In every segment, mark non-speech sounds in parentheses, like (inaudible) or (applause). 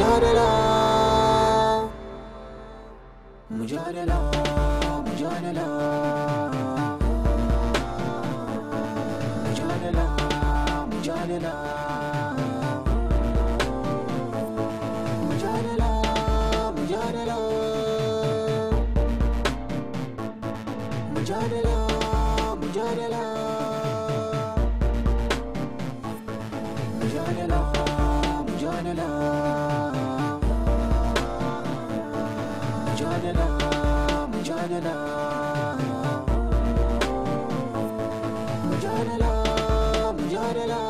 mujadala mujadala mujadala mujadala mujadala mujadala mujadala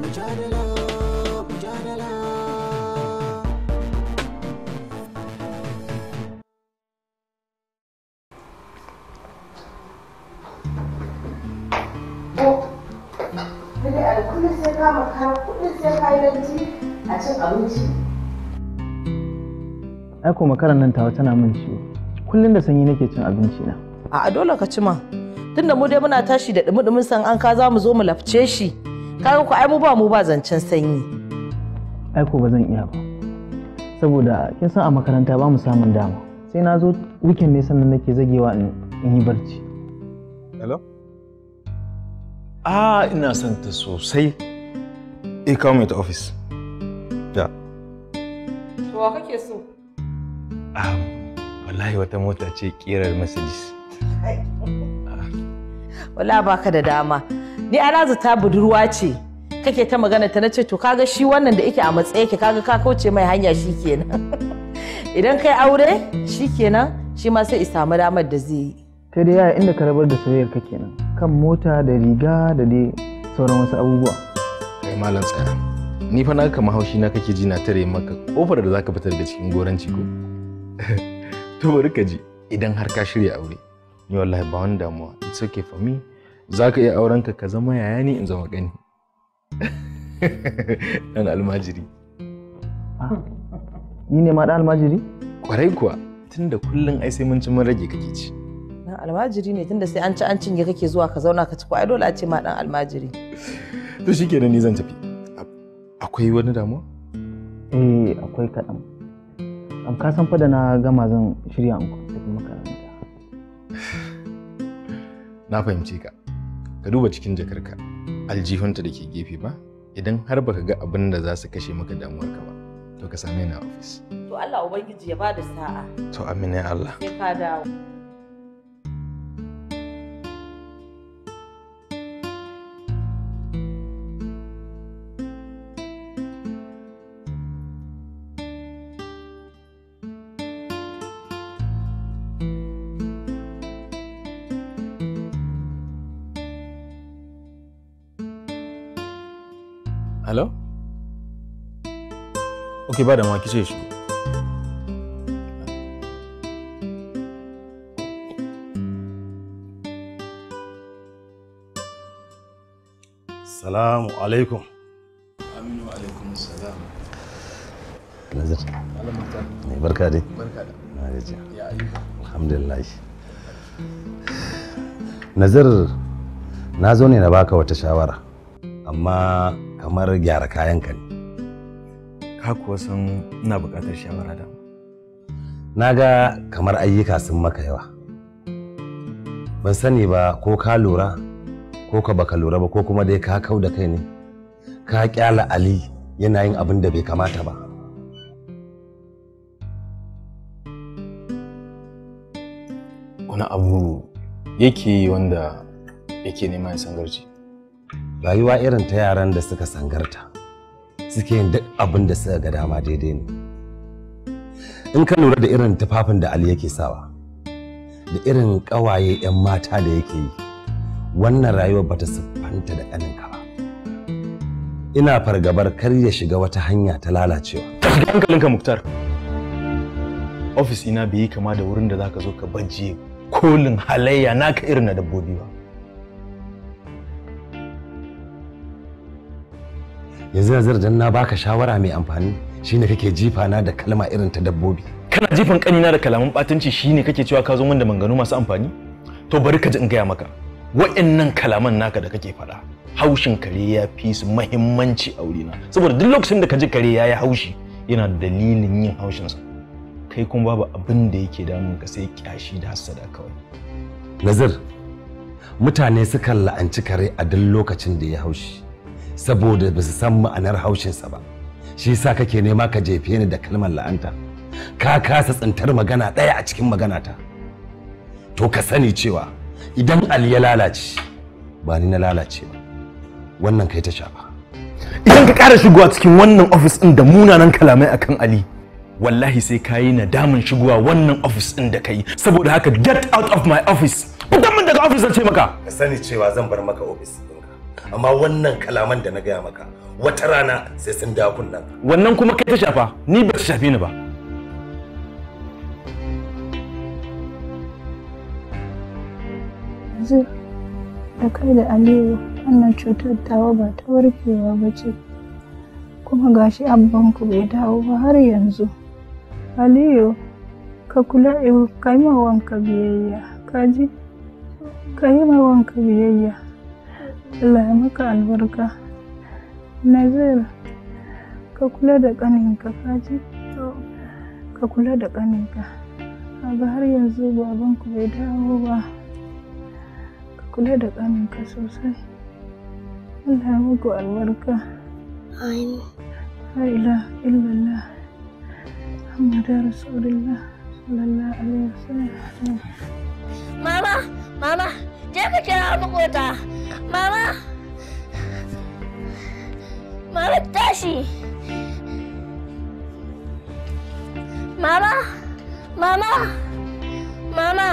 mujadala mujadala ka maka, ka yi a ai ko makaran nan tawa tana min ciwo kullum da sanyi nake cin abinci na a dole ka ci ma tunda mu dai muna tashi da dumi-dumin san an ka za mu zo mu lafce shi kaga ku ai mu ba mu ba zancen sanyi ai ko ba zan iya ba saboda kin san a makaranta ba mu samun dama sai na zo weekend ne sannan nake zagewa in yi barci hello ah ina son ta sosai e kawo mai ta office da to wa kake so wallahi wata mota ce kirar Mercedes. Ah. Wala baka da dama. Ni alazu ta budurwa ce. Kake ta magana ta nace to kaga shi wannan da yake a matsayi yake kaga ka kauce mai hanya shikenan. (laughs) Idan kai aure shikenan shi ma sai isa damar da zai yi. Kai da yaya inda ka rabar da soyayyar ka kenan. Kan mota da riga da dai sauran wasu abubuwa. Kai malam tsaya. Ni fa na kama haushi na kake ji na tare maka kofar da zaka fitar da cikin goranci ko. (laughs) to bari ka ji idan har ka shirya aure ni wallahi ba wani damuwa it's okay for me za ka iya auren ka ka zama yaya ni in zama gani (laughs) dan almajiri ah. ni ne ma dan almajiri kwarai kuwa tunda kullum ai sai mun ci mun rage kake ci dan almajiri ne tunda sai an ci an cinye kake zuwa ka zauna ka ci kwa ai dole a ce ma dan almajiri to shikenan ni zan tafi akwai wani damuwa eh akwai kaɗan ka san fa da na gama zan shirya in tafi makaranta na fahimce ka ka duba cikin jakarka aljihunta da ke gefe ba idan har baka ga abin da za su kashe maka damuwarka ba to ka same ni a ofis to Allah ubangiji ya bada sa'a to amina Allah sai ka dawo Ok ba da ma ki shi. Salamu alaikum. Aminu alaikum salam. Nazir. Mai barka dai. Barka da. Ya ayyuka. Alhamdulillah. Nazir na zo ne na baka wata shawara amma kamar gyara kayan ne. ka kuwa san ina buƙatar shawara da na ga kamar ayyuka sun maka yawa ban sani ba ko ka lura ko ka baka lura ba ko kuma dai ka kau da kai ne ka kyala ali yana yin abin da bai kamata ba wani abu yake yi wanda yake neman sangarci rayuwa irin ta yaran da suka sangarta suke yin duk abin da suka ga dama daidai ne in ka lura da irin tufafin da ali yake sawa da irin ƙawaye 'yan mata da yake yi wannan rayuwa ba ta siffanta da ƙaninka ba ina fargabar kar ya shiga wata hanya ta lalacewa ka shiga hankalinka muktar ofis ina bai yi kama da wurin da zaka zo ka bajiye kolin halayya naka irin na dabbobi ba yanzu yanzu dan na baka shawara mai amfani shine kake jifa na da kalma irin ta dabbobi kana jifan kanina da kalaman batunci shine kake cewa ka zo min da manganu masu amfani to bari ka ji in gaya maka wa'annan kalaman naka da kake faɗa haushin kare ya fi su muhimmanci a wurina saboda duk lokacin da ka ji kare ya yi haushi yana da dalilin yin haushinsa kai kuma babu abin da yake damun ka sai kyashi da hassada kawai nazir mutane sukan la'anci kare a duk lokacin da ya haushi saboda ba su san ma'anar haushinsa ba shi yasa kake nema ka jefe ni da kalmar la'anta ka kasa tsintar magana ɗaya a cikin magana ta to ka sani cewa idan ali ya lalace ba ni na lalace ba wannan kai ta shafa idan ka ƙara shigowa cikin wannan ofis ɗin da munanan kalamai akan ali wallahi sai ka yi nadamin shigowa wannan ofis ɗin da ka yi saboda haka get out of my office fitan min daga ofis ce maka ka sani cewa zan bar maka ofis amma wannan kalaman da na gaya maka wata rana sai sun dawo kunnan wannan kuma kai ta shafa ni ba ta shafi ni ba yanzu da kai da aliyu wannan cutar tawa ba ta warkewa ba ce kuma gashi abbanku bai dawo ba har yanzu aliyu ka kula eh, ka yi ma wanka biyayya ka ji ka yi ma wanka biyayya Allah ya maka albarka nazir ka kula da ƙaninka kaji ka kula da ƙaninka ga har yanzu babanku bai dawo ba ka kula da ƙaninka sosai Allah ya maka albarka amin Haila, ilaha illallah Muhammadu Rasulullah sallallahu alaihi wasallam Mama Mama, jangan kejar aku kota. Mama, mama taksi. Mama, mama, mama,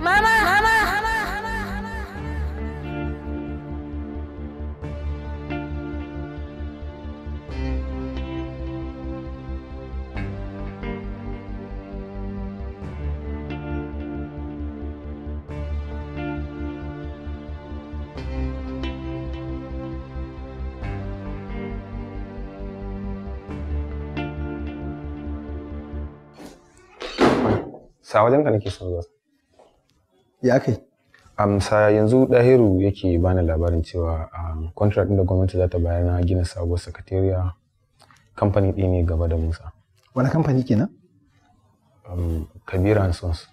mama, mama, mama. Sawa jan ka nake son zuwa ya kai amsa yanzu dahiru yake bani labarin cewa um, contract din da gwamnati za ta bayar na gina sabuwar sakatariya company din ne gaba da musa wani kamfani kenan um, kabir and sons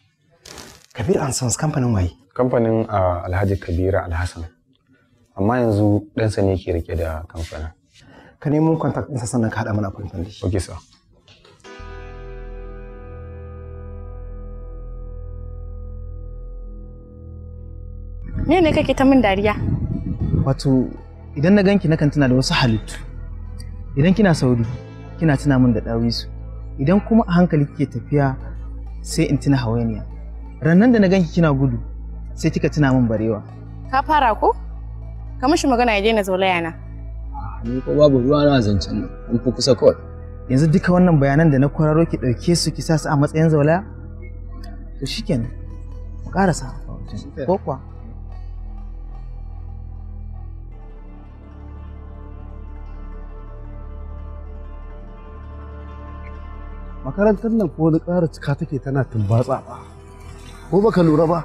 kabir and sons kamfanin waye kamfanin uh, alhaji kabira alhassan amma yanzu ɗansa ne yake rike da kamfanin ka nemo contact ɗinsa sannan ka haɗa mana appointment da shi okay sir me ne kake ta min dariya wato idan na ganki nakan tuna da wasu halittu idan kina sauri kina tuna min da ɗawisu idan kuma a hankali kike tafiya sai in tuna hawainiya rannan da na ganki kina gudu sai kika tuna min barewa ka fara ko ka mishi magana ya daina zaulaya na ah, ni ko babu ruwa na zancen nan an kusa kawai yanzu duka wannan bayanan da na kwararo ki ɗauke su ki sa su a matsayin zaulaya to shikenan ƙarasa ah, ko kuwa makarantar nan ko wani ƙara cika take tana tumbatsa ba ko baka lura ba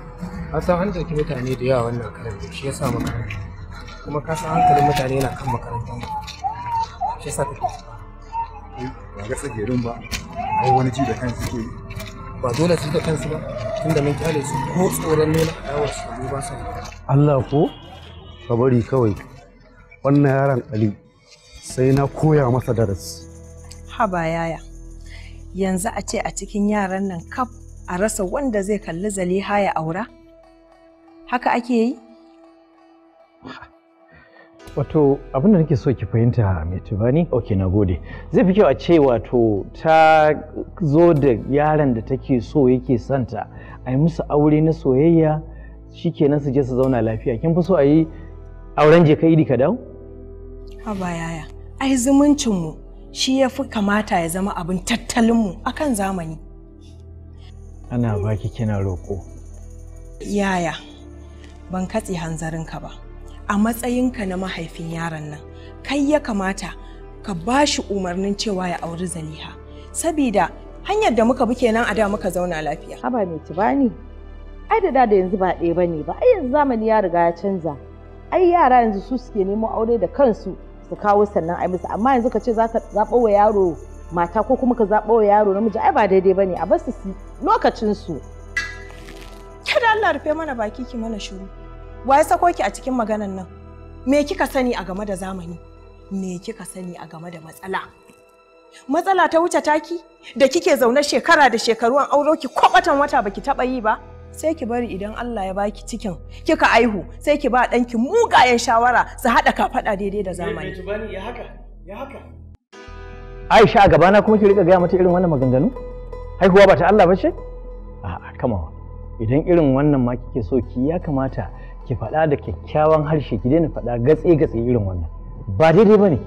a san an ɗauki mutane da yawa wannan karanta shi yasa makaranta kuma ka san hankalin mutane yana kan makarantar shi yasa take ba ga tsagerin ba ai wani ji da kansu ke yi ba dole su da kansu ba tunda mun kyale su ko tsoron nuna ayawar su ne ba su Allah ko ka bari kawai wannan yaron Ali sai na koya masa darasi haba yaya yanzu a ce a cikin yaran nan kaf a rasa wanda zai kalli zaliha ya aura? Haka ake yi? Wato abin da nake so ki fahimta mai tubani? Ok, na gode. Zai fi kyau a ce wato ta zo da yaran da take so yake santa a yi musu aure na soyayya shi kenan su je su zauna lafiya. Kin fi so a yi auren je ka idi ka dawo? Haba yaya, ai zumuncinmu shi ya fi kamata ya zama abin tattalinmu a kan zamani. Ana baki kina roƙo. Yaya, ban katse hanzarinka ba, a matsayinka na mahaifin yaron nan, kai ya kamata ka ba shi umarnin cewa ya auri zaliha, sabida hanyar da muka bi kenan a da muka zauna lafiya. Haba mai tibani, ai da da yanzu ba ɗaya ba ne ba, ai yanzu zamani ya riga ya canza. Ai yara yanzu su suke nemo aure da kansu su kawo sannan ai musu amma yanzu ka ce zaka zabo wa yaro mata ko kuma ka zabo wa yaro namiji ai ba daidai bane a bar su lokacin su kada Allah rufe mana baki ki mana shiru wai sako ki a cikin maganan nan me kika sani a game da zamani me kika sani a game da matsala matsala ta wuce taki da kike zaune shekara da shekaru an auro ki kwabatan wata baki taba yi ba sai ki bari idan Allah ya baki cikin kika aihu sai ki ba ɗanki mugayen shawara su haɗa kafaɗa daidai da zamani. Eh, Aisha a gabana kuma ki rika gaya mata irin wannan maganganu? Haihuwa ba ta Allah ba ce? A'a kama, Idan irin wannan ma kike so ki ya kamata ki faɗa da kyakkyawan harshe ki daina faɗa gatsi-gatsi irin wannan. Ba daidai ba ne.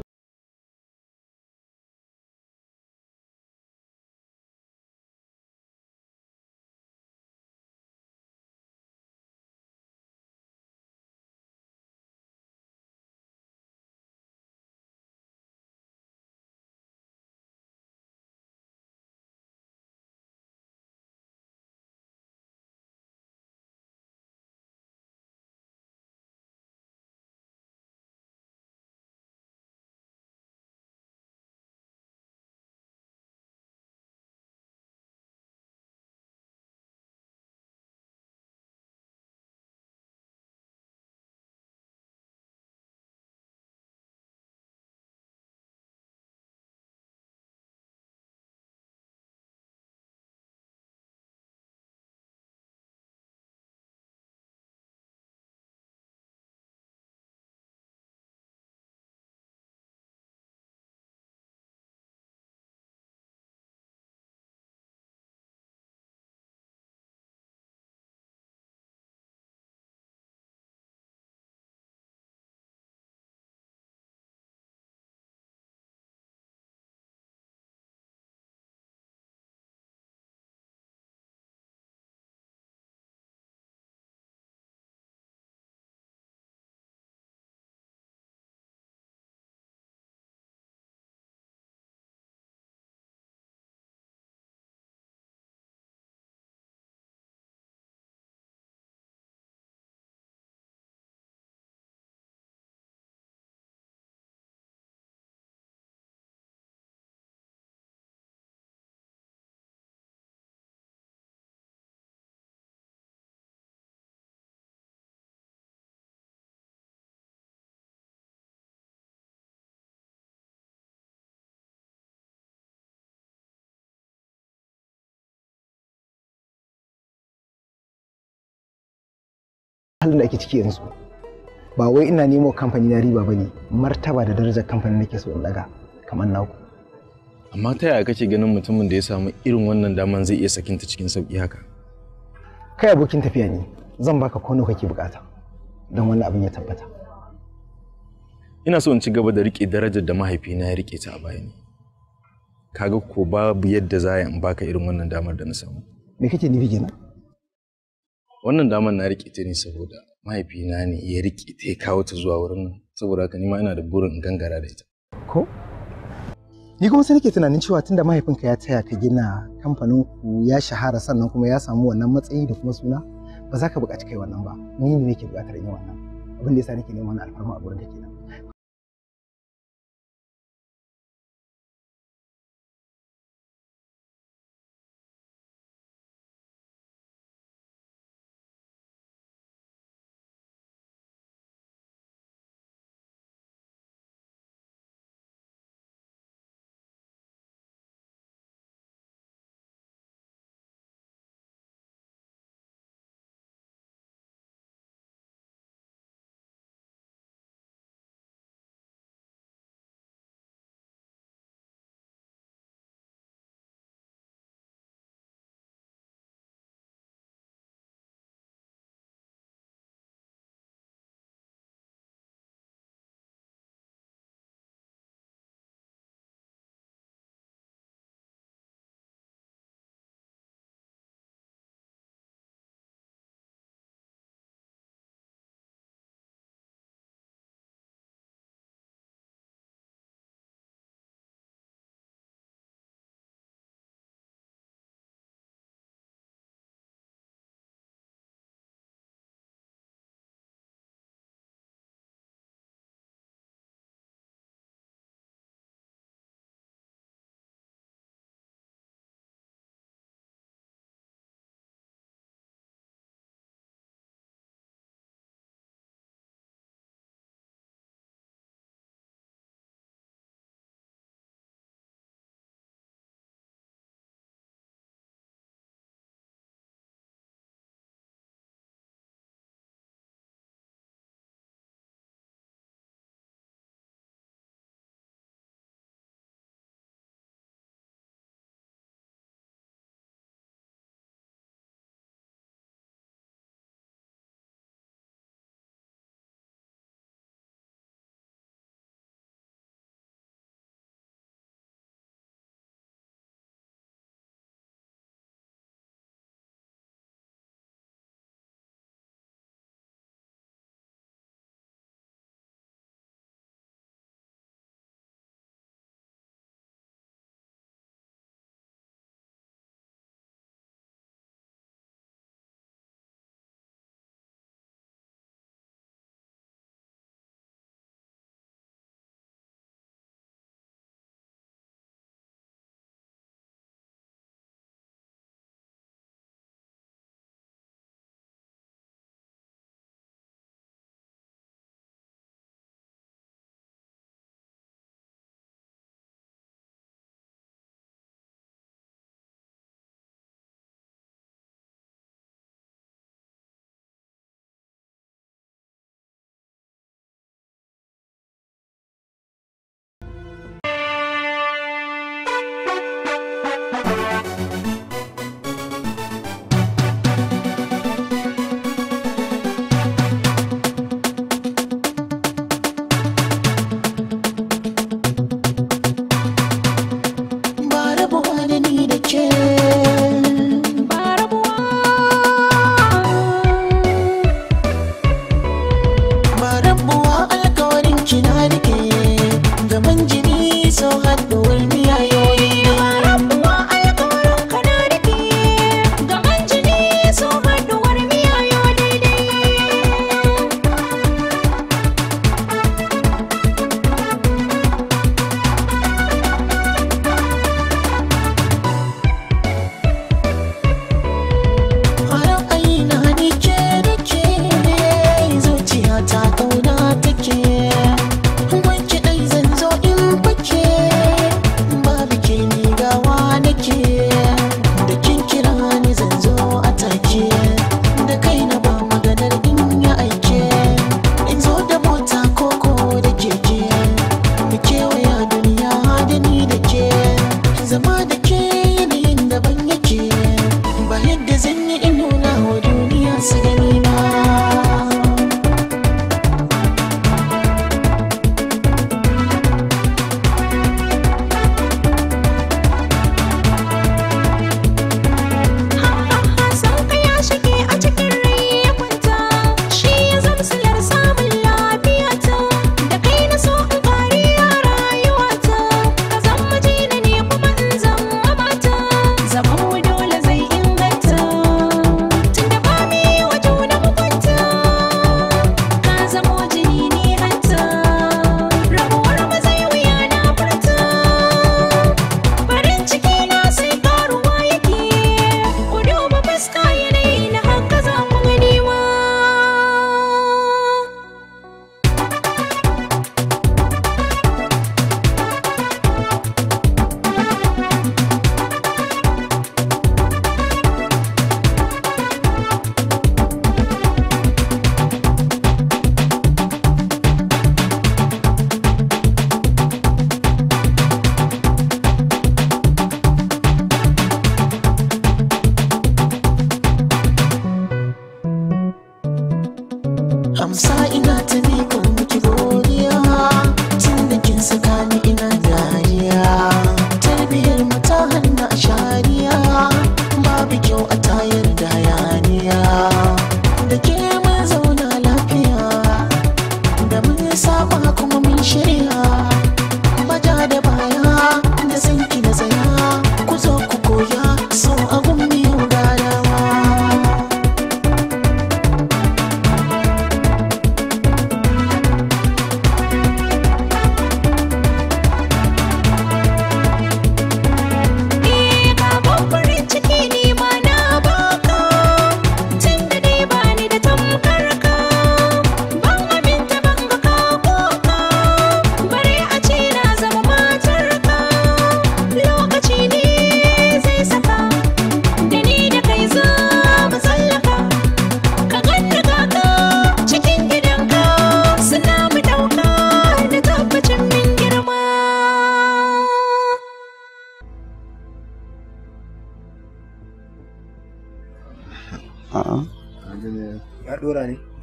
halin da ake ciki yanzu ba wai ina nemo kamfani na riba ba ne martaba da darajar kamfani nake so in daga kamar naku amma ta yaya kake ganin mutumin da ya samu irin wannan daman zai iya sakinta cikin sauki haka kai abokin tafiya ne zan baka kwano kake bukata don wannan abin ya tabbata ina so in ci gaba da rike darajar da mahaifina ya rike ta a baya ne kaga ko babu yadda za in baka irin wannan damar da na samu me kake nufi kenan wannan daman na rike ta ne saboda mahaifina ne ya rike ta ya kawo ta zuwa wurin nan saboda haka nima ina da burin gangara da ita ko ni kuma sai nake tunanin cewa tunda mahaifinka ya taya ka gina kamfanin ku ya shahara sannan kuma ya samu wannan matsayi da kuma suna ba za ka buƙaci kai wannan ba ni ne nake buƙatar yin wannan abin da yasa nake neman alfarma a gurin kake nan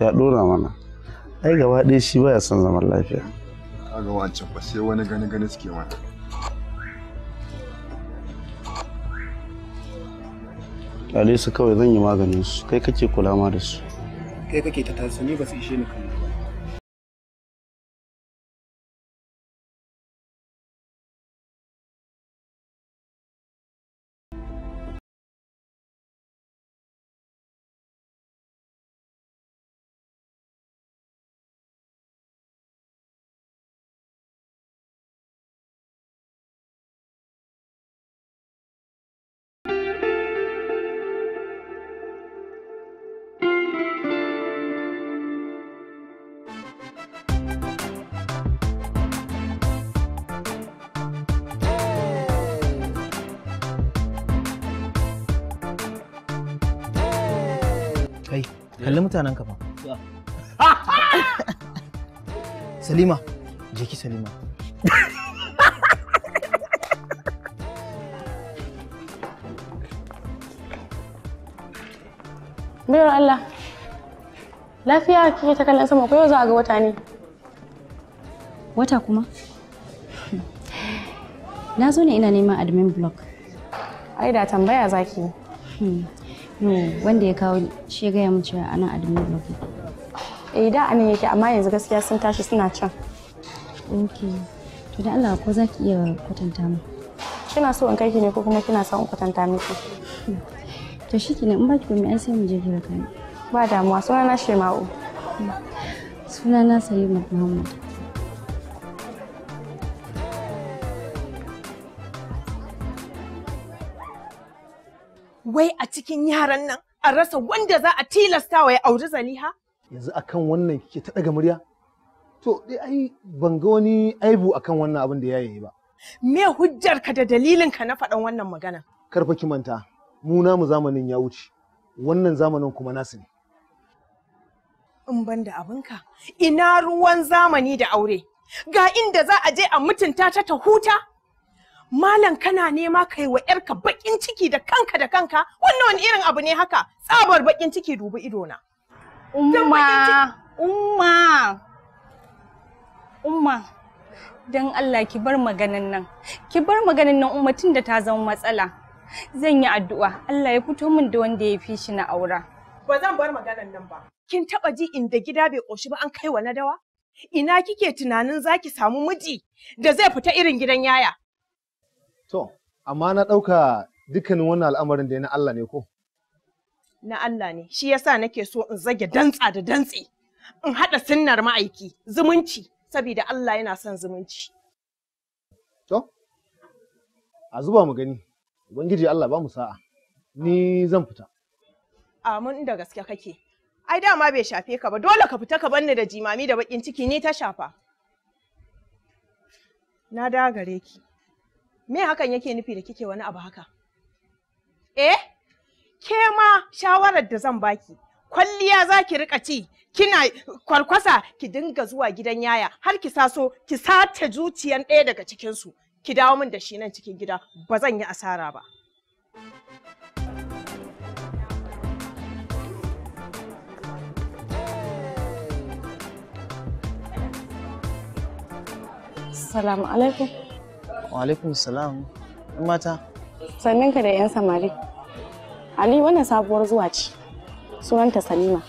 ya ɗora mana ai gaba ɗaya shi baya son zaman lafiya kaga wancan ba sai wani gani gani suke mana alisa kawai zan yi maganin su kai kake kula ma da su kai kake ta tasiri ba su ishe ni kan kalli mutanen ka fa (laughs) Salima je ki Salima (laughs) Bayar Allah lafiya kike ta kallon sama ko yau za a ga wata ne Wata kuma Na zo ne ina neman admin block Ai da tambaya zaki wanda ya kawo shi gaya mu cewa anan adamu baki eh da anan yake amma yanzu gaskiya sun tashi suna can okay to da Allah ko zaki iya kwatanta mu kina so in kai ki ne ko kuma kina son in kwatanta miki to shi kenan in ba ki komai ai sai mu je kira kai ba damuwa sunana Shema'u sunana Salima Muhammad wai a cikin yaran nan a rasa wanda za a tilasta wa ya auri zaliha? Yanzu akan wannan kike ta ɗaga murya? To, dai ai ban ga wani aibu akan wannan abin da ya yi ba. Me hujjarka da dalilinka na faɗan wannan magana? Karfa ki manta, mu namu zamanin ya wuce, wannan zamanin kuma nasu ne. In ban da abinka, ina ruwan zamani da aure, ga inda za a je a mutunta ta ta huta? malam kana nema ka yi wa yarka bakin ciki da kanka da kanka wannan wani irin abu ne haka tsabar bakin ciki dubi idona umma umma umma don Allah ki bar maganan nan ki bar maganan nan umma da ta zama matsala zan yi addu'a Allah ya fito min da wanda ya fi shi na aura ba zan bar maganan nan ba kin taba ji inda gida bai ƙoshi ba an kai wa na dawa ina kike tunanin zaki samu miji da zai fita irin gidan yaya To, amma na ɗauka dukkanin wannan al'amarin da na Allah ne ko? Na Allah ne, shi yasa nake so in zage dantsa da dantse, in haɗa sinar ma'aiki, zumunci, saboda Allah yana son zumunci. To, a zuba mu gani, Ubangiji Allah ba mu sa'a, ni zan fita. Amin da gaske kake, ai dama bai shafe ka ba, dole ka fita ka banni da jimami da baƙin ciki ni ta shafa. Na dagare ki. me hakan yake nufi da kike wani abu haka eh ke ma shawarar da zan baki kwalliya za ki rika ci kina kwarkwasa ki dinga zuwa gidan yaya har ki saso ki sace zuciyan ɗaya daga cikinsu ki dawo min da shi nan cikin gida ba zan yi asara ba Assalamu alaikum. Wa salam. ɗan mata. Sannin ka da yan samari. Ali wannan sabuwar zuwa ce. Sunanta Salima.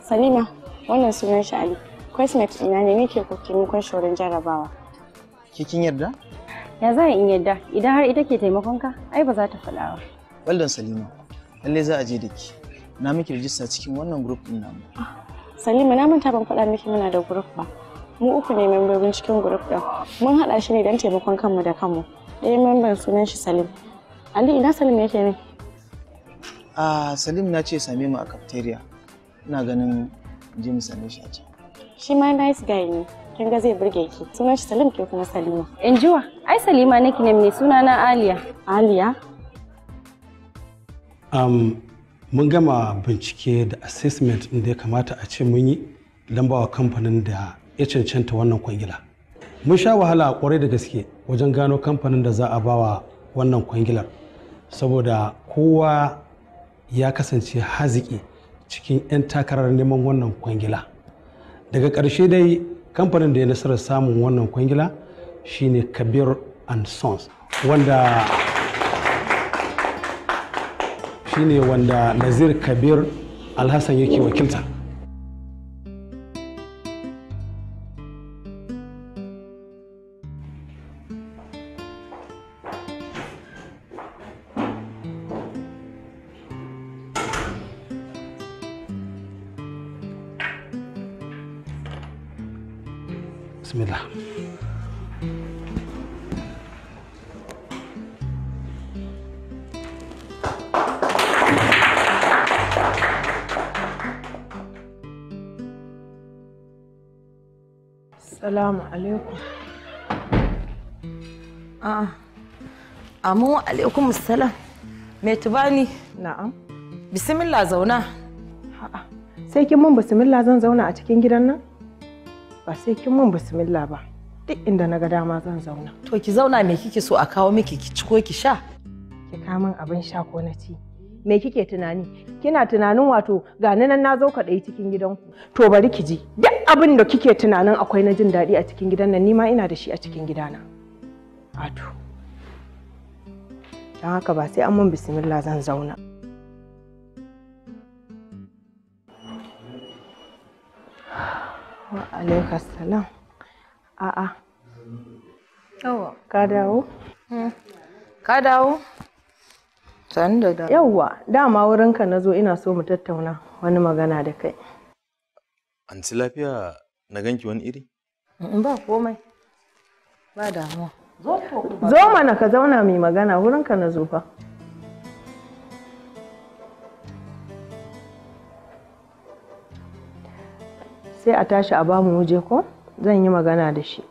Salima wannan sunan shi Ali. Questmate ina ne nake kokin shorin jarabawa. Kikin yarda? Ya za in yarda idan har ita ke taimakon ka ai ba za ta faɗa ba. Waldan Salima. Lallai za a je da ke. Na miki rijista cikin wannan group din namu. Ah, Salima na manta ban faɗa miki muna da group ba. mu uku ne membobin cikin group ɗin mun haɗa shi ne don taimakon kanmu da kanmu ɗaya memban sunan shi salim ali ina salim yake ne a salim na ce same mu a cafeteria ina ganin jim mu same shi a can shi ma nice guy ne kin ga zai burge ki sunan shi Salim ke kuma Salima in jiwa ai Salima nake ne mai suna na Aliya Aliya um, mun gama bincike da assessment da ya kamata a ce mun yi lambawa kamfanin da ya cancanta wannan kwangila mun sha wahala a kwarai da gaske wajen gano kamfanin da za a bawa wannan kwangilar saboda kowa ya kasance haziki cikin 'yan takarar neman wannan kwangila daga ƙarshe dai kamfanin da ya nasarar samun wannan kwangila shine kabir and sons wanda shine wanda nazir kabir alhassan yake wakilta bismillah Salamu alaikum. A'a, amu alaikum salam. Me tubani? Na'am. Bismillah zauna. A'a, sai kin mun bismillah zan zauna a cikin gidan nan? ba sai kin mun bismillah ba duk inda na ga dama zan zauna to ki zauna me kike so a kawo miki ki ci ko ki sha ki kawo abin sha ko na ci me kike tunani kina tunanin wato ga nan na zo ka dai cikin gidanku to bari ki ji duk abin da kike tunanin akwai na jin daɗi a cikin gidan nan nima ina da shi a cikin gidana ato don haka ba sai an mun bismillah zan zauna Wa alaikar salam. A'a. Yawa. Ka dawo? Hmm. Ka dawo? Sani da dawo. Yawa, dama wurinka na zo ina so mu tattauna wani magana da kai. An ci lafiya na ganki wani iri? Ba komai. Ba damuwa. Zo mana ka zauna mai magana wurinka na zo fa. sai a tashi a bamu waje ko zan yi magana da shi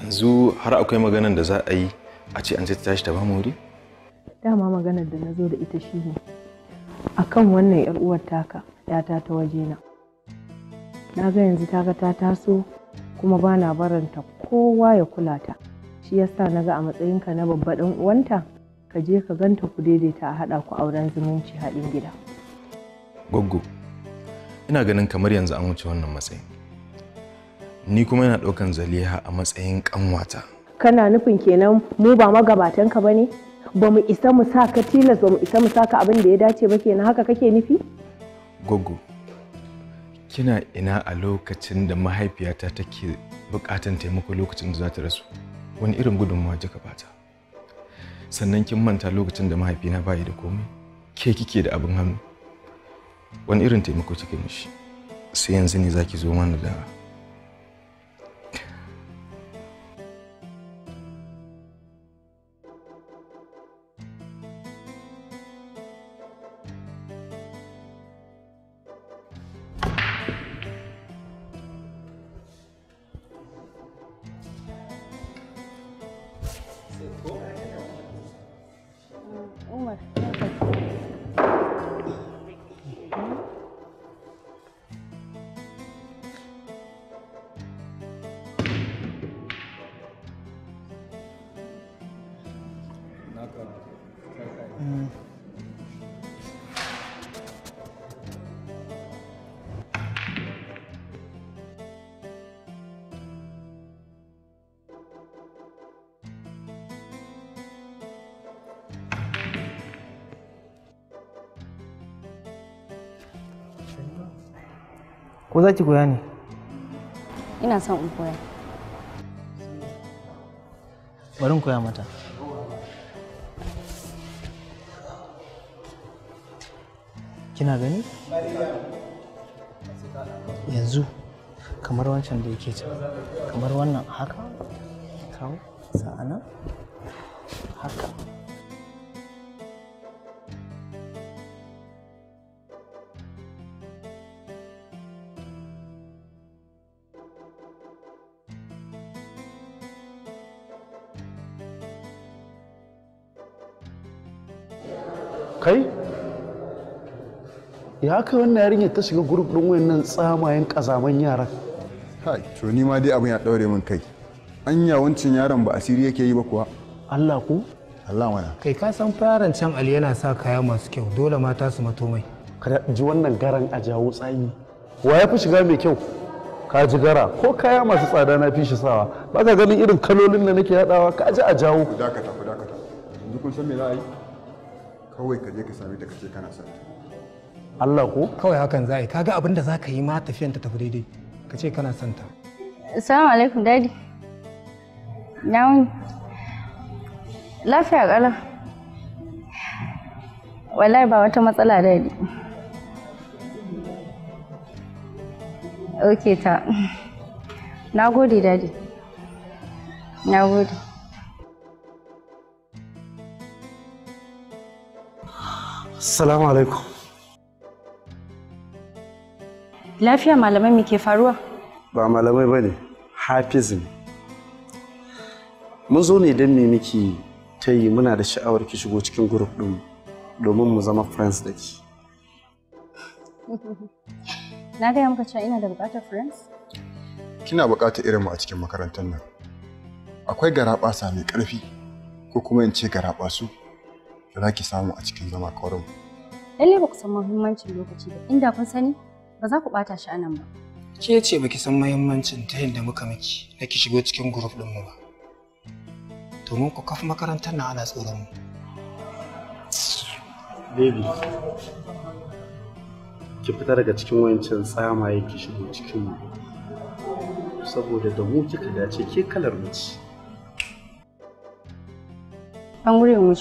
yanzu har akwai maganar da za a yi a ce an tashi ta bamu wuri dama maganar da na zo da ita shi ne a kan wannan yar uwar taka yata ta waje na ga yanzu ta ga ta taso kuma ba na baranta kowa ya kula ta shi yasa na ga a matsayinka na babba ɗan uwanta ka je ka ganta ku daidaita a haɗa ku auren zumunci haɗin gida. Goggo. ina ganin kamar yanzu an wuce wannan matsayin ni kuma yana ɗaukan zaliha a matsayin kanwata kana nufin kenan mu ba magabatan ka bane ba mu isa mu sa ka tilas ba mu isa mu sa abin da ya dace ba kenan haka kake nufi gogo kina ina a lokacin da mahaifiyata take bukatan taimako lokacin da za ta rasu wani irin gudunmawa kika bata sannan kin manta lokacin da mahaifina bayi da komai ke kike da abin hannu wani irin taimako cikin shi sai yanzu ne zaki zo mana da ko za ki koya ne ina son in koya bari in koya mata kina gani yanzu kamar wancan da yake can kamar wannan haka kawo sa'ana haka haka wannan yarinyar ta shiga gurup ɗin wayannan tsamayen ƙazaman yaran kai to ni ma dai abin ya ɗaure min kai anya wancan yaron ba asiri yake yi ba kuwa Allah ku Allah mana kai ka san fara can Ali yana sa kaya masu kyau dole mata su mato mai kada ji wannan garan a jawo tsayi wa ya fi shiga mai kyau ka ji gara ko kaya masu tsada na fi shi sawa ba ka ganin irin kalolin da nake haɗawa ka ji a jawo ku dakata ku dakata yanzu kun san me za a yi kawai ka je ka sami ta kace kana sani Allah ko kawai hakan za yi kaga abin da za ka yi ma tafiyan ta tafi daidai ka ce kana son ta assalamu alaikum dadi na wani lafiya kala wallahi ba wata matsala dadi ok ta na gode dadi na gode Assalamu alaikum. Lafiya malamai me ke faruwa? Ba malamai ba ne, hafiz ne. Mun zo ne don me miki ta yi muna da sha'awar ki shigo cikin group ɗin domin mu zama friends da ki. (laughs) Na gaya maka cewa ina da buƙatar friends? Kina bukatar irin mu a cikin makarantar nan. Akwai garaɓasa mai ƙarfi ko kuma in ce garaɓasu da za ki samu a cikin zama kaurin. mu. ba ku san muhimmancin lokaci ba, inda kun sani ba za ku bata shi anan ba. Ke ce baki san mahimmancin ta yadda muka miki na ki shigo cikin group mu ba. Domin ku kafa makarantar na ana tsoron mu. Baby, ki fita daga cikin wancan tsamaye ki shigo cikin mu. Saboda da mu kika dace ke kalar mace. An gure mu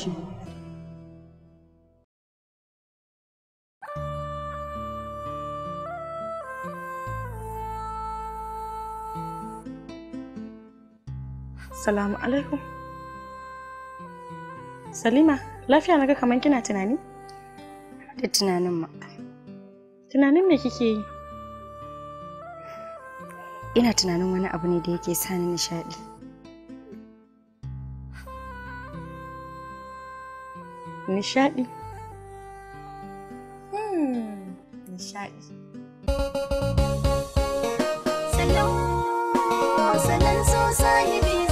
Salamu alaikum. Salima, lafiya na ga kamar kina tunani? Da tunanin ma. Tunanin me kike yi? Ina tunanin wani abu ne da yake sani nishadi. Nishadi? Hmm, nishadi. Salon, salam so sahibi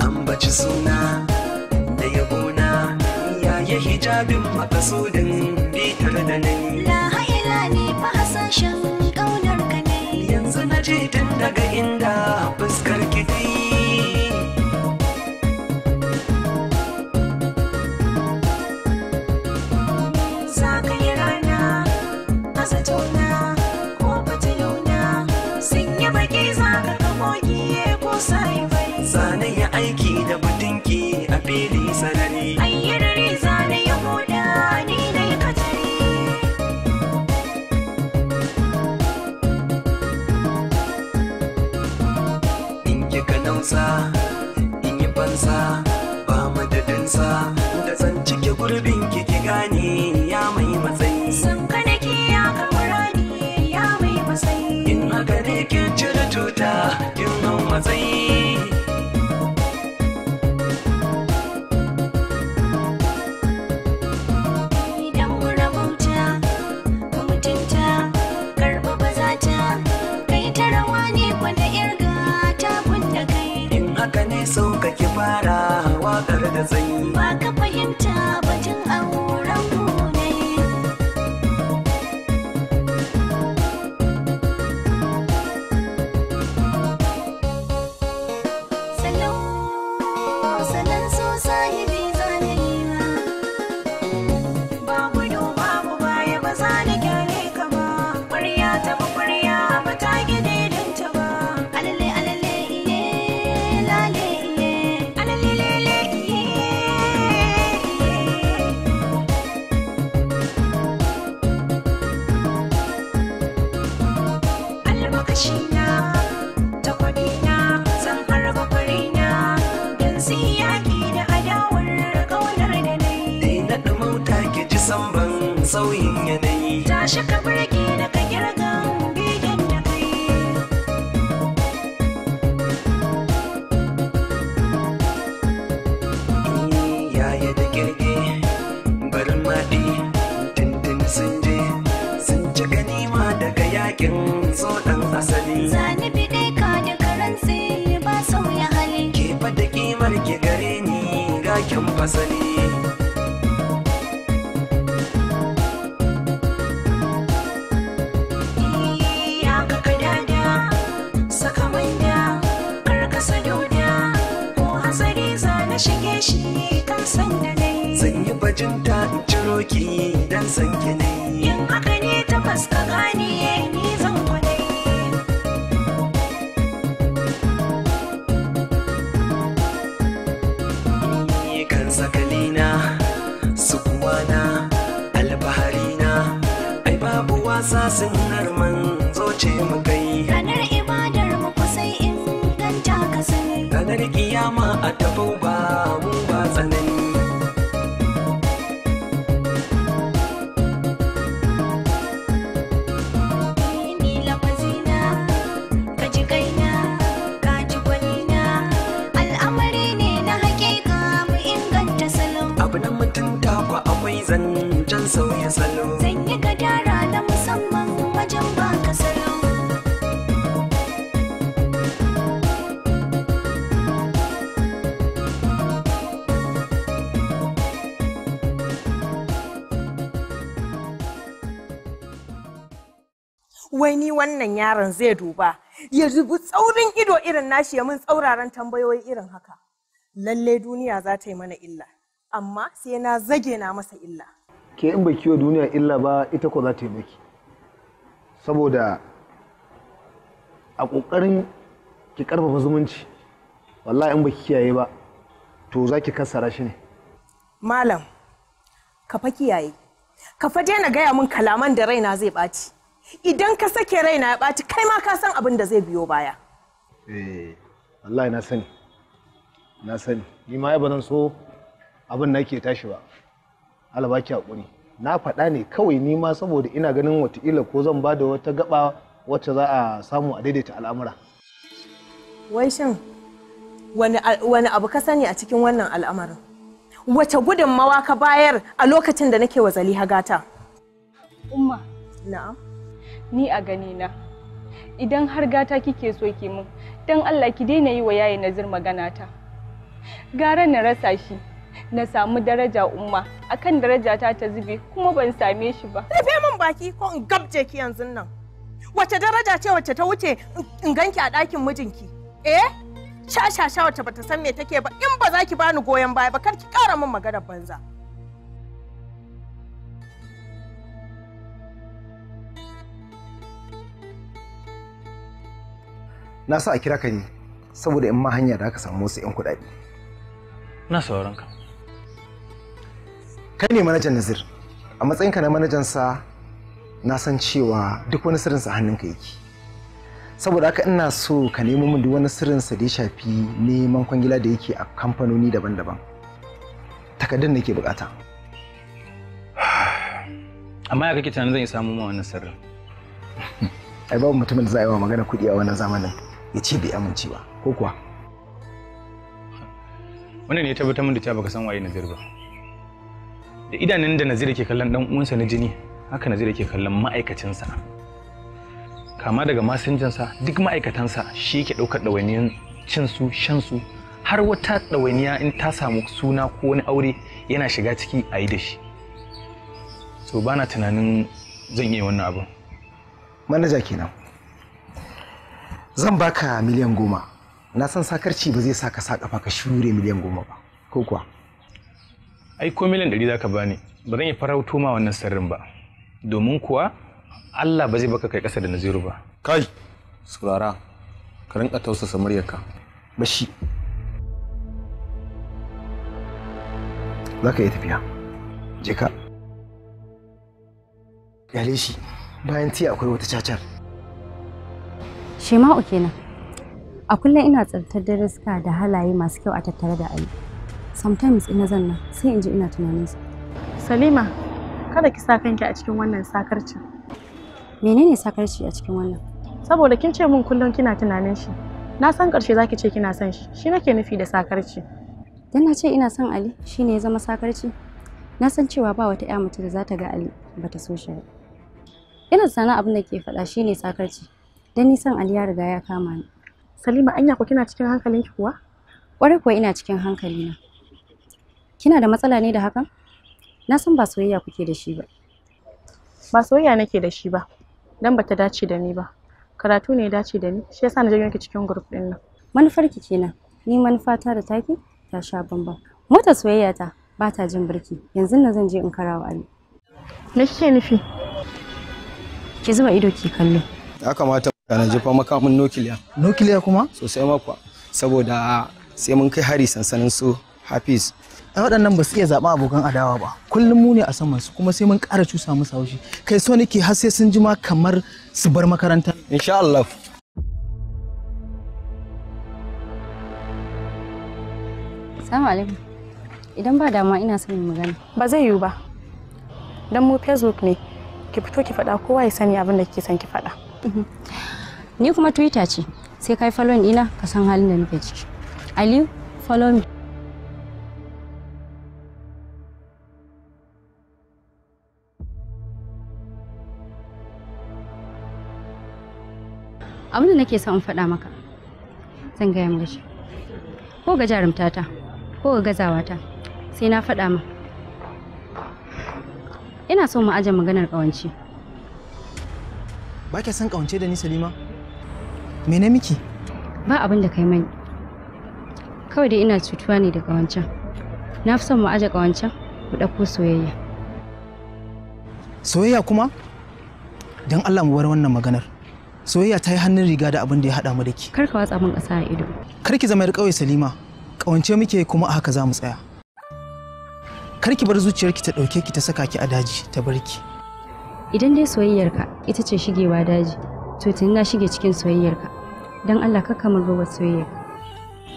ambaci suna da yabona yayi hijabin makasudin bitar da nani la haila ne fa hasashen kaunar ka ne yanzu na je tun daga inda banza in ba madadinsa da zan cike gurbin kiki gane ya mai matsayi nake ya kamurani ya mai matsayi in haka ne ke cire tuta hau matsayi rising wasani wai ni wannan yaron zai duba ya zubi tsaurin ido irin nashi ya mun tsauraran tambayoyi irin haka lalle duniya za ta yi mana illa amma sai na zage na masa illa ke in baki wa duniya illa ba ita ko za ta yi maki saboda a ƙoƙarin ki ƙarfafa zumunci wallahi in baki kiyaye ba to za ki kassara shi ne malam ka fa kiyaye ka fa daina gaya min kalaman da raina zai ɓaci idan ka sake raina ya ɓaci kai ma ka san abin da zai biyo baya eh Allah na sani na sani ni ma ba zan so abin da ke tashi ba alaba ki haƙuri. na faɗa ne kawai ni ma saboda ina ganin wataƙila ko zan ba da wata gaba wacce za a samu a daidaita al'amura wai shin wani abu ka sani a cikin wannan al'amarin wace gudunmawa ka bayar a lokacin da nake wa zaliha gata umma na'am ni a ganina, idan har gata kike so ki min dan Allah ki daina yi wa yaye nazir magana ta gara na rasa shi na samu daraja umma akan daraja ta ta zube kuma ban same shi ba rufe min baki ko in gabje ki yanzu nan wace daraja ce wacce ta wuce in ganki a ɗakin mijinki eh shashasha wacce bata san me take ba in ba za ki bani goyon baya ba kar ki kara min maganar banza na sa a kira ka ne saboda in ma hanya da aka samu wasu 'yan kuɗaɗe. Na sauran ka. Kai ne manajan Nazir, a matsayin ka na manajansa na san cewa duk wani sirrin sirrinsa hannunka yake. Saboda haka ina so ka nemo min duk wani sirrin sa da ya shafi neman kwangila da yake a kamfanoni daban-daban. Takardun nake bukata. (sighs) Amma ya kake tunanin zan iya samu ma wannan sirrin? Ai babu mutumin da za a yi wa magana kuɗi a wannan zamanin. ya ce bai amince ba ko kuwa wannan ne ya tabbatar min da cewa baka san waye Nazir ba da idanun da Nazir ke kallon dan uwansa na jini haka Nazir ke kallon ma'aikacinsa kama daga masinjansa duk ma'aikatansa shi yake ɗaukar ɗawainiyar cin su shan su har wata ɗawainiya in ta samu suna ko wani aure yana shiga ciki a yi da shi so bana tunanin zan iya wannan abin manaja kenan zan baka miliyan goma na san sakarci ba zai saka sa kafa ka shure miliyan goma ba ko kuwa ai ko miliyan ɗari za ka bani ba zan yi farauto ma wannan sirrin ba domin kuwa Allah ba zai baka kai ƙasa da naziru ba kai saurara ka rinka tausasa muryarka bashi za ka yi tafiya je ka yale shi bayan tiya akwai wata cacar Shema'u kenan. A kullum ina tsartar da riska da halaye masu kyau a tattare da Ali. Sometimes ina zanna sai in ji ina tunanin su. Salima, kada ki sa kanki a cikin wannan sakarci. Menene sakarci a cikin wannan? Saboda kin ce mun kullum kina tunanin shi. Na san ƙarshe zaki ce kina son shi. Shi nake nufi da sakarci. Dan na ce ina son Ali, shi ne ya zama sakarci. Na san cewa ba wata ƴa mace da za ta ga Ali bata so shi. Irin sana abin da ke faɗa shine sakarci. dan nisan Ali ya riga ya kama ni. Salima anya ko kina cikin hankalin ki kuwa? Kware kuwa ina cikin hankali na. Kina da matsala ne da hakan? Na san ba soyayya kuke da shi ba. Ba soyayya nake da shi ba. Dan bata dace da ni ba. Karatu ne ya dace da ni, shi yasa na janyo ki cikin group din nan. ki kenan. Ni manufata da taki ta sha bamban. Mota soyayya ta ba ta jin birki. Yanzu nan zan je in karawa Ali. Me kike nufi? Ki zuba ido ki kallo. Ya kamata Kana jefa makamin nukiliya. Nukiliya kuma? Sosai makwa. Saboda sai mun kai hari sansanin su Hafiz. Ai waɗannan ba su iya zaɓa abokan adawa ba. Kullum mu ne a saman su kuma sai mun ƙara cusa musu haushi. Kai so nake har sai sun jima kamar su bar makaranta. Insha Allah. Assalamu alaikum. Idan ba dama ina son magana. Ba zai yiwu ba. Dan mu Facebook ne. Ki fito ki faɗa kowa ya sani abin da kike son ki faɗa. Mhm. ni kuma twitter ce sai kai follow ina ka san halin da nake ciki aliyu follow me abin da nake son faɗa maka zan gaya maka shi ko ga jarumtata ko ga gazawata sai na faɗa ma ina so mu aje maganar ƙawanci ba ke san kawance da ni Salima? Me miki? Ba abin da kai mani. Kawai dai ina cutuwa ne da kawance Na fi son mu aje kawance mu ɗauko soyayya. Soyayya kuma? Don Allah mu bar wannan maganar. Soyayya ta yi hannun riga da abin da ya haɗa mu da ki. Kar ka watsa min ƙasa a ido. Kar ki zama 'yar ƙauye Salima. Kawance muke kuma a haka za mu tsaya. Kar ki bar zuciyarki ta ɗauke ki ta saka ki a daji ta bar ki. idan dai soyayyarka ita ce shigewa daji to na shige cikin soyayyarka don allah ka kamar robar soyayya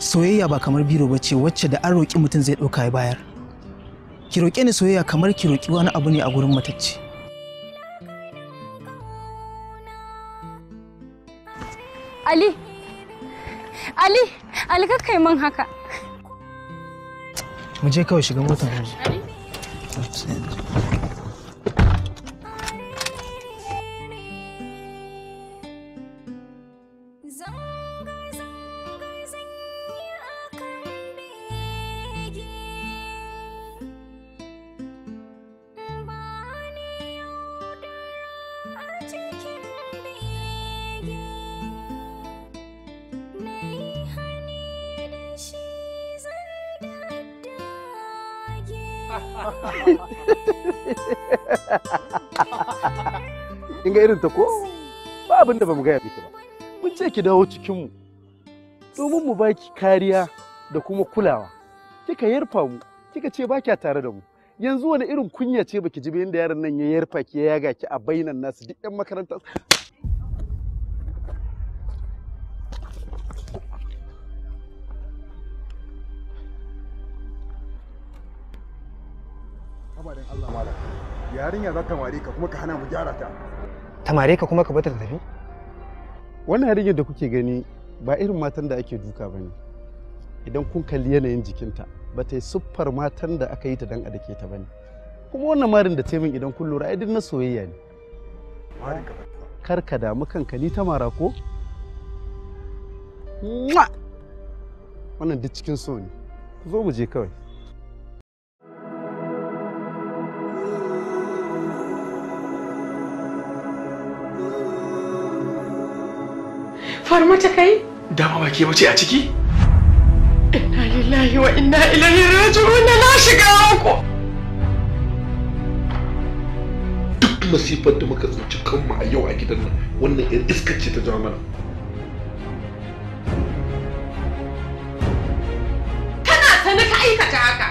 soyayya ba kamar biro ba ce wacce da an roƙi mutum zai ɗauka ya bayar ki roƙe ni soyayya kamar ki roƙi wani abu ne a gurin matacce ali ali ali ka kai man haka mu je kawai shiga motar mu ga irin ta ko ba abin da bamu gaya miki ba mun ce ki dawo cikin mu domin mu baki kariya da kuma kulawa kika yarfa mu kika ce ba tare da mu yanzu wani irin kunya ce baki ji yadda yaron nan ya yarfa ki ya yaga ki a bainan nasu duk yan makaranta Allah yarinya za ta ware ka kuma ka hana mu gyara ta tamare ka kuma ka bata ta tafi wannan yarinyar da kuke gani ba irin matan da ake duka ba ne idan kun kalli yanayin jikinta ba ta yi siffar matan da aka yi ta dan a ta ba ne kuma wannan marin da taimin idan kun lura idan na soyayya ne kar ka damu kanka ni ta mara ko wannan duk cikin so ne ku zo mu je kawai far mata kai dama ba ke bace a ciki inna lillahi wa inna ilaihi raji'un na shiga ku duk masifar da muka tsinci kanmu a yau a gidan nan wannan yar iskar ce ta jawo mana kana sani ka aikata haka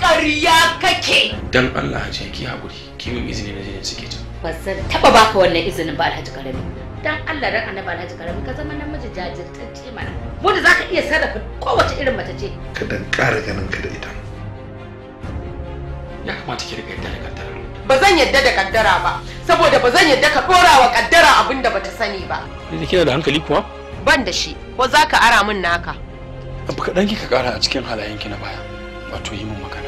ƙarya kake dan Allah ce ki haƙuri ki min izini na jinin suke ta ba zan taɓa baka wannan izinin ba Alhaji Karami dan Allah dan annabi Alhaji Karami ka zama namiji jajirtacce mana mu da zaka iya sarrafa kowace irin mace ce ka dan ƙara ganin ka da ita ya kamata ki riga yadda da kaddara ba zan yadda da kaddara ba saboda ba zan yadda ka dora wa kaddara abin da bata sani ba ni kina da hankali kuwa ban da shi ko zaka ara min naka abu kaɗan ka ƙara a cikin halayenki na baya wato yi min magana